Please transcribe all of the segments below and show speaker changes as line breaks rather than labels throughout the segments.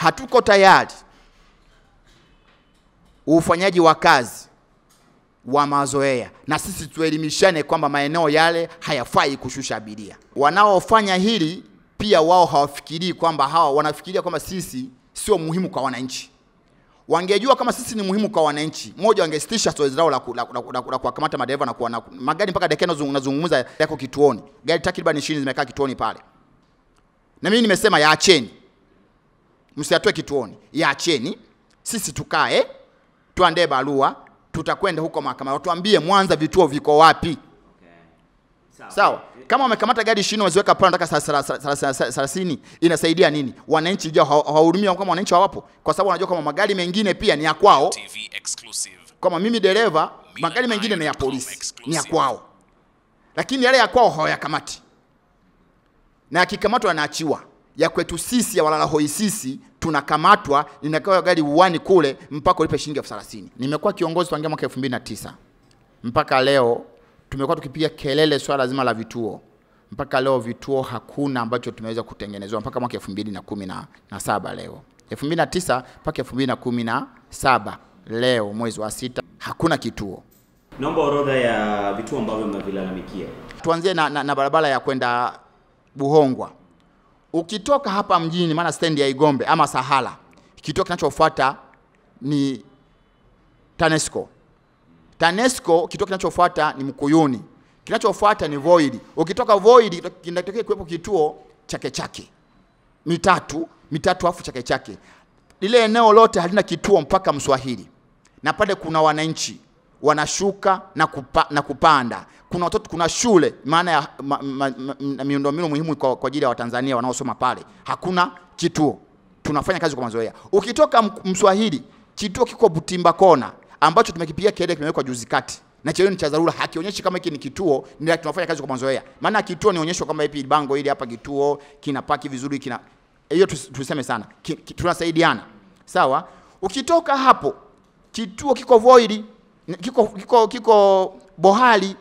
hatuko tayari ufanyaji wa kazi wa mazoea, na sisi tuelimishane kwamba maeneo yale hayafai kushusha abiria. Wanaofanya hili pia wao hawafikirii kwamba hawa, wanafikiria kwamba sisi sio muhimu kwa wananchi. Wangejua kama sisi ni muhimu kwa wananchi, moja, wangesitisha zoezi lao la, la, kuwakamata madereva na kuwa magari mpaka dakika unazungumza yako kituoni, gari takriban 20 zimekaa kituoni pale, na mimi nimesema yaacheni msiatoe kituoni, yaacheni sisi tukae tuandae barua, tutakwenda huko mahakamani, watuambie Mwanza vituo viko wapi. Okay. Sawa. Kama wamekamata gari 20 waziweka pale nataka 30 inasaidia nini? Wananchi ujao hawahurumia kama wananchi hawapo, kwa sababu wanajua kama magari mengine pia ni ya kwao. Kama mimi dereva, magari mengine ni ya polisi, ni ya kwao, lakini yale ya kwao hawayakamati, na yakikamatwa yanaachiwa. Ya kwetu sisi ya walala hoi sisi tunakamatwa, linakaa gari uwani kule mpaka ulipe shilingi elfu thelathini. Nimekuwa kiongozi tangia mwaka 2009 mpaka leo, tumekuwa tukipiga kelele swala zima la vituo mpaka leo vituo hakuna ambacho tumeweza kutengenezwa mpaka mwaka saba leo 2009 mpaka 2017 leo mwezi wa sita hakuna kituo.
Naomba orodha ya vituo ambavyo mnavilalamikia.
Tuanzie na, na, na barabara ya kwenda Buhongwa Ukitoka hapa mjini, maana stendi ya Igombe ama Sahala, kituo kinachofuata ni TANESCO. TANESCO, kituo kinachofuata ni Mkuyuni, kinachofuata ni Void. Ukitoka Void, kinatokea kuwepo kituo Chake Chake, mitatu mitatu, afu Chake Chake. Lile eneo lote halina kituo mpaka Mswahili, na pale kuna wananchi wanashuka na, kupa, na kupanda. Kuna watoto, kuna shule, maana ya ma, ma, miundombinu muhimu kwa ajili ya Watanzania wanaosoma pale. Hakuna kituo, tunafanya kazi kwa mazoea. Ukitoka Mswahili, kituo kiko Butimba kona ambacho tumekipigia kelele, kimewekwa juzi kati na chenyewe ni cha dharura, hakionyeshi kama hiki ni kituo, ni tunafanya kazi kwa mazoea. Maana kituo ni onyesho kwamba hili bango hili hapa kituo kina paki vizuri, kina hiyo tuseme sana, tunasaidiana sawa. Ukitoka hapo kituo kiko Voili kiko, kiko, kiko bohali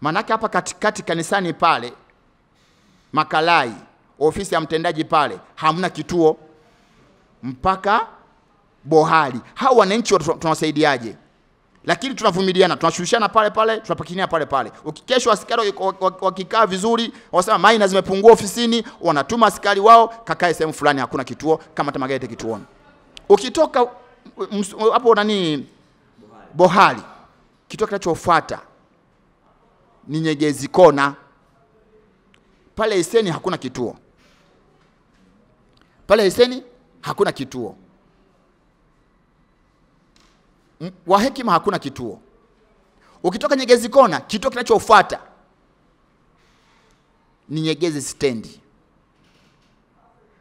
manake hapa katikati kanisani pale Makalai, ofisi ya mtendaji pale hamna kituo mpaka bohali Hao wananchi tunawasaidiaje? Lakini tunavumiliana, tunashushana pale pale, tunapakinia pale pale. Ukikesho askari wakikaa vizuri, wanasema maina zimepungua ofisini, wanatuma askari wao kakae sehemu fulani, hakuna kituo, kama hata kituoni. Ukitoka hapo nani bohari. Kituo kinachofuata ni Nyegezi Kona. Pale Iseni hakuna kituo, pale Iseni hakuna kituo, Wahekima hakuna kituo. Ukitoka Nyegezi Kona, kituo kinachofuata ni Nyegezi stendi,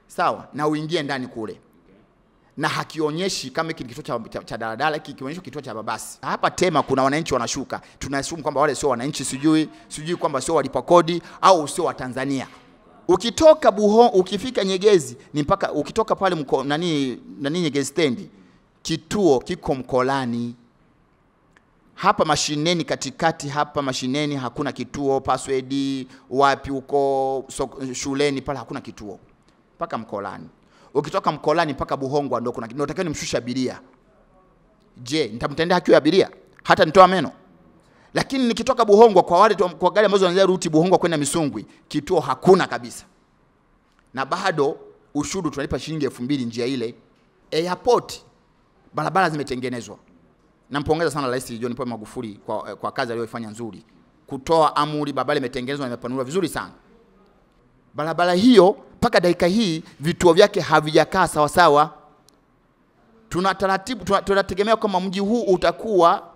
sawa, na uingie ndani kule na hakionyeshi kama hiki ni kituo cha, cha, cha daladala, hiki kionyesho kituo cha mabasi. Hapa Tema kuna wananchi wanashuka, tunaassume kwamba wale sio wananchi, sijui sijui kwamba sio walipa kodi au sio Watanzania. Ukitoka Buho, ukifika Nyegezi ni mpaka ukitoka pale mko, nani, nani Nyegezi stendi, kituo kiko Mkolani hapa mashineni katikati hapa mashineni hakuna kituo password wapi huko so, shuleni pale hakuna kituo mpaka mkolani ukitoka Mkolani mpaka Buhongwa ndo kuna natakiwa mshusha abiria. Je, nitamtendea haki ya abiria? Hata nitoa meno? Lakini nikitoka Buhongwa kwa wale kwa gari ambazo zinaanzia ruti Buhongwa kwenda Misungwi, kituo hakuna kabisa, na bado ushuru tunalipa shilingi elfu mbili njia ile. Airport barabara zimetengenezwa. Nampongeza sana Rais John Pombe Magufuli kwa, eh, kwa kazi aliyoifanya nzuri, kutoa amuri barabara imetengenezwa na imepanuliwa vizuri sana. Barabara hiyo mpaka dakika hii vituo vyake havijakaa sawasawa. Tuna taratibu, tunategemea kwamba mji huu utakuwa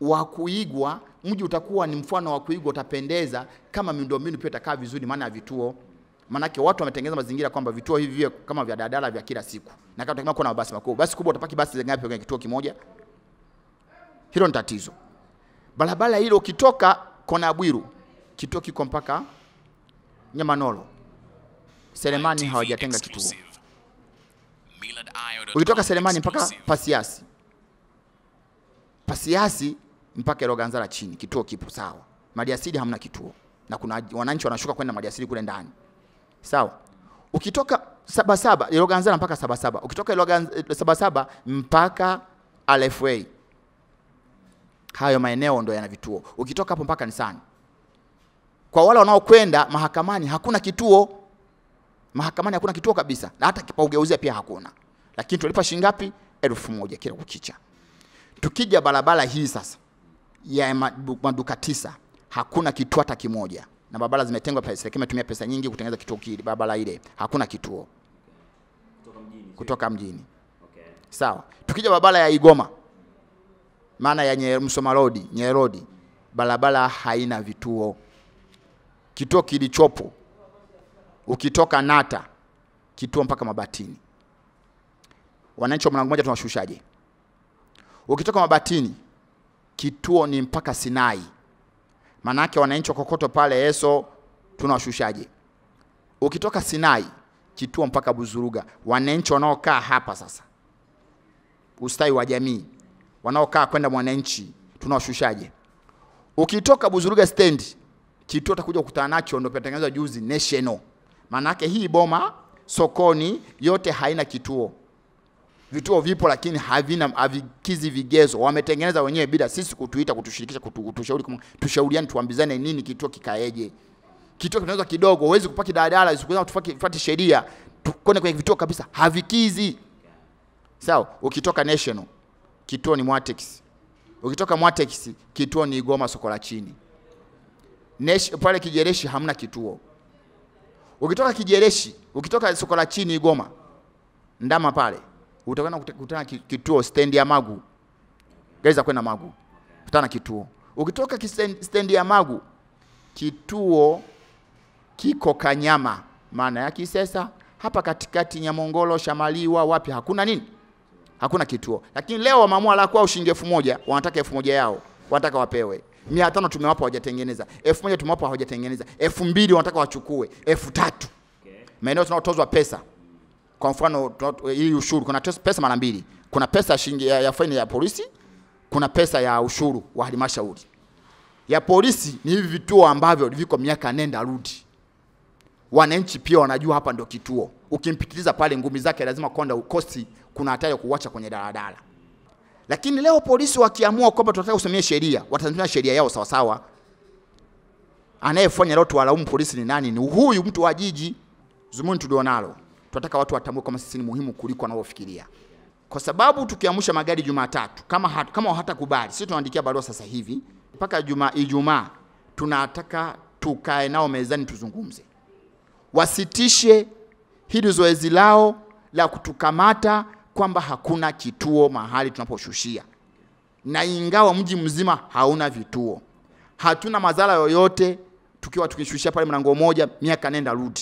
wa kuigwa, mji utakuwa ni mfano wa kuigwa, utapendeza kama miundombinu pia itakaa vizuri, maana ya vituo Manake watu wametengeneza mazingira kwamba vituo hivi viwe kama vya dadala vya kila siku, na kama tunategemea kuna mabasi makubwa, basi kubwa utapaki basi ngapi kwenye kituo kimoja? Hilo ni tatizo. Barabara hilo ukitoka kona Bwiru, kituo kiko mpaka Nyamanolo. Selemani hawajatenga kituo. Ulitoka Selemani mpaka Pasiasi, Pasiasi mpaka Eloganzara chini, kituo kipo sawa. Maliasili hamna kituo, na kuna wananchi wanashuka kwenda Maliasili kule ndani, sawa. Ukitoka Sabasaba Eloganzara mpaka Sabasaba, ukitoka eh, Sabasaba mpaka RFA, hayo maeneo ndo yana vituo. Ukitoka hapo mpaka Nisani, kwa wale wanaokwenda mahakamani hakuna kituo Mahakamani hakuna kituo kabisa na hata kipaugeuzia pia hakuna, lakini tulipa shilingi ngapi? elfu moja kila kukicha. Tukija barabara hii sasa ya maduka tisa, hakuna kituo hata kimoja, na barabara zimetengwa pesa, lakini imetumia pesa nyingi kutengeneza kituo kile, barabara ile hakuna kituo kutoka mjini, kutoka mjini. Okay. Sawa, tukija barabara ya Igoma maana ya nye, Msoma Road, Nyerodi, barabara haina vituo. Kituo kilichopo ukitoka Nata kituo mpaka Mabatini. Wananchi wa mlango mmoja tunashushaje Ukitoka Mabatini kituo ni mpaka Sinai, maanake wananchi wa kokoto pale Eso tunawashushaje? Ukitoka Sinai kituo mpaka Buzuruga, wananchi wanaokaa hapa sasa, ustawi wa jamii, wanaokaa kwenda mwananchi tunawashushaje? Ukitoka Buzuruga stendi kituo takuja kukutana nacho ndio tengeneza juzi national Manake hii boma sokoni yote haina kituo. Vituo vipo lakini havina havikizi vigezo, wametengeneza wenyewe bila sisi kutuita, kutushirikisha, kutu, kutushauri, tushauriane, tuambizane nini kituo kikaeje. Kituo kinaweza kidogo, huwezi kupaki daladala, usikuweza tufuate sheria, Tukone kwenye vituo kabisa havikizi. Sawa, so, ukitoka National kituo ni Mwatex, ukitoka Mwatex kituo ni Igoma soko la chini. Nesh, pale Kijereshi hamna kituo Ukitoka Kijereshi, ukitoka soko la chini Igoma, ndama pale, utakwenda kukutana kituo stendi ya Magu. Gari za kwenda Magu. Kutana kituo. Ukitoka stendi ya Magu, kituo kiko Kanyama, maana ya Kisesa hapa katikati Nyamongolo, Shamaliwa, wapi hakuna nini, hakuna kituo. Lakini leo wameamua la kwao shilingi elfu moja, wanataka elfu moja yao, wanataka wapewe. 500 tumewapa hawajatengeneza, 1000 tumewapa hawajatengeneza, 2000 wanataka wachukue, 3000. okay. Maeneo tunaotozwa pesa, kwa mfano hii ushuru, kuna pesa mara mbili, kuna pesa shilingi ya, ya faini ya polisi, kuna pesa ya ushuru wa halmashauri ya polisi. Ni hivi vituo ambavyo viko miaka nenda rudi, wananchi pia wanajua hapa ndo kituo. Ukimpitiliza pale ngumi zake lazima konda ukosi, kuna hatari ya kuacha kwenye daladala. Lakini leo polisi wakiamua kwamba tunataka kusimamia sheria, watatumia sheria yao sawasawa. Anayefanya leo tuwalaumu polisi ni nani? Ni huyu mtu wa jiji. Zumuni tulionalo, tunataka watu watambue kama sisi ni muhimu kuliko wanavyofikiria, kwa sababu tukiamsha magari Jumatatu kama hat, kama hatakubali, sisi tunaandikia barua sasa hivi mpaka juma Ijumaa tunataka tukae nao mezani tuzungumze, wasitishe hili zoezi lao la kutukamata kwamba hakuna kituo mahali tunaposhushia, na ingawa mji mzima hauna vituo, hatuna madhara yoyote tukiwa tukishushia pale mlango moja, miaka nenda rudi.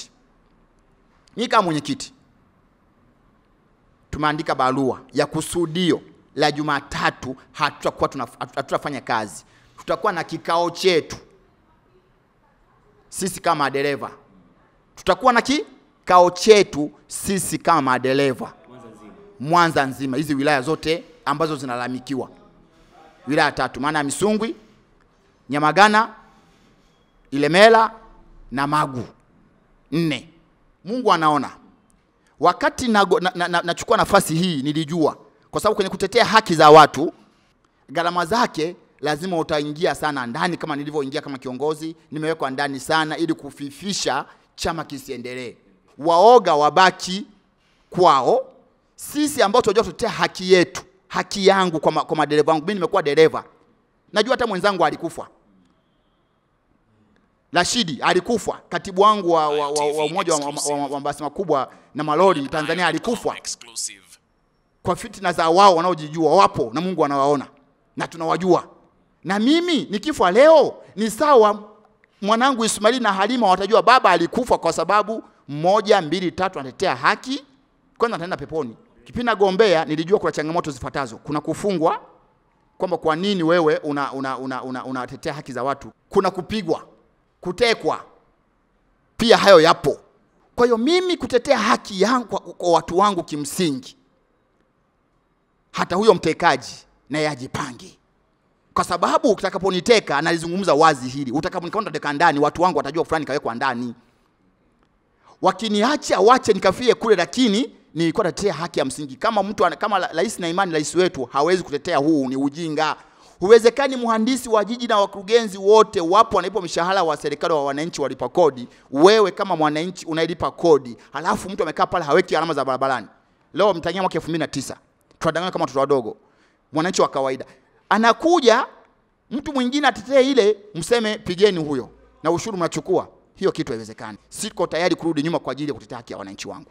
Mimi kama mwenyekiti tumeandika barua ya kusudio la Jumatatu hatutakuwa hatutafanya kazi, tutakuwa na kikao chetu sisi kama madereva, tutakuwa na kikao chetu sisi kama madereva. Mwanza nzima, hizi wilaya zote ambazo zinalalamikiwa, wilaya tatu, maana ya Misungwi, Nyamagana, Ilemela na Magu. Nne. Mungu anaona. Wakati nachukua na, na, na, na nafasi hii nilijua, kwa sababu kwenye kutetea haki za watu gharama zake lazima utaingia sana ndani, kama nilivyoingia kama kiongozi, nimewekwa ndani sana ili kufifisha chama kisiendelee. Waoga wabaki kwao, sisi ambao tunajua tutetea haki yetu, haki yangu kwa, ma, kwa madereva wangu. Mimi nimekuwa dereva, najua hata mwenzangu alikufa Rashidi alikufa, katibu wangu wa, wa, wa, wa umoja wa, wa, wa, wa mabasi makubwa na malori Tanzania alikufa kwa fitna za wao wanaojijua. Wapo na Mungu anawaona na tunawajua, na mimi nikifa leo ni sawa mwanangu Ismaili na Halima watajua baba alikufa kwa sababu moja, mbili, tatu, anatetea haki, kwanza ataenda peponi. Kipindi nagombea nilijua kuna changamoto zifuatazo: kuna kufungwa, kwamba kwa nini wewe unatetea una, una, una, una haki za watu, kuna kupigwa, kutekwa, pia hayo yapo. Kwa hiyo mimi kutetea haki yangu kwa, kwa watu wangu kimsingi, hata huyo mtekaji naye ajipange, kwa sababu utakaponiteka, analizungumza wazi hili, deka ndani, watu wangu watajua fulani kawekwa ndani, wakiniacha wache nikafie kule, lakini nilikuwa natetea haki ya msingi. Kama mtu kama rais na imani rais wetu hawezi kutetea huu, ni ujinga. Huwezekani mhandisi wa jiji na wakurugenzi wote wapo wanalipa mishahara wa serikali wa wananchi walipa kodi. Wewe kama mwananchi unalipa kodi, halafu mtu amekaa pale haweki alama za barabarani. Leo mtanyia mwaka 2009 tunadanganya kama watoto wadogo, mwananchi wa kawaida anakuja mtu mwingine atetee ile, mseme pigeni huyo na ushuru mnachukua. Hiyo kitu haiwezekani. Siko tayari kurudi nyuma kwa ajili ya kutetea haki ya wananchi wangu.